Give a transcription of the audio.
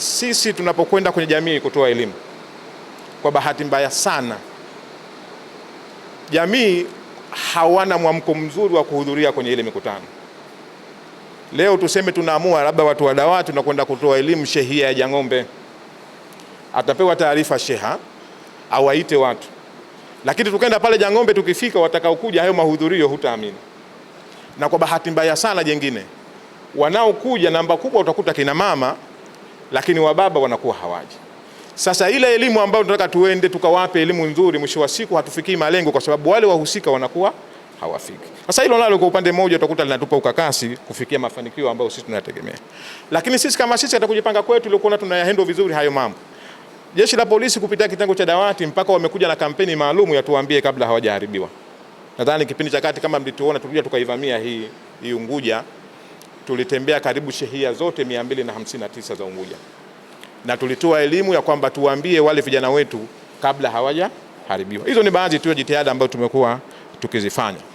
sisi tunapokwenda kwenye jamii kutoa elimu, kwa bahati mbaya sana jamii hawana mwamko mzuri wa kuhudhuria kwenye ile mikutano. Leo tuseme tunaamua labda watu wa dawati tunakwenda kutoa elimu shehia ya Jang'ombe, atapewa taarifa sheha awaite watu, lakini tukaenda pale Jang'ombe, tukifika watakaokuja hayo mahudhurio hutaamini. Na kwa bahati mbaya sana jengine wanaokuja namba kubwa utakuta kina mama lakini wababa wanakuwa hawaji. Sasa ile elimu ambayo tunataka tuende tukawape elimu nzuri, mwisho wa siku hatufikii malengo, kwa sababu wale wahusika wanakuwa hawafiki. Sasa hilo nalo kwa upande mmoja utakuta linatupa ukakasi kufikia mafanikio ambayo sisi tunayategemea, lakini sisi kama sisi hata kujipanga kwetu tulikuwa tunayahendo vizuri hayo mambo. Jeshi la polisi kupitia kitengo cha dawati mpaka wamekuja na kampeni maalum ya tuambie kabla hawajaharibiwa. Nadhani kipindi cha kati kama mlituona tulikuja tukaivamia hii, hii Unguja tulitembea karibu shehia zote 259 za Unguja na tulitoa elimu ya kwamba tuwaambie wale vijana wetu kabla hawajaharibiwa. Hizo ni baadhi tu ya jitihada ambazo tumekuwa tukizifanya.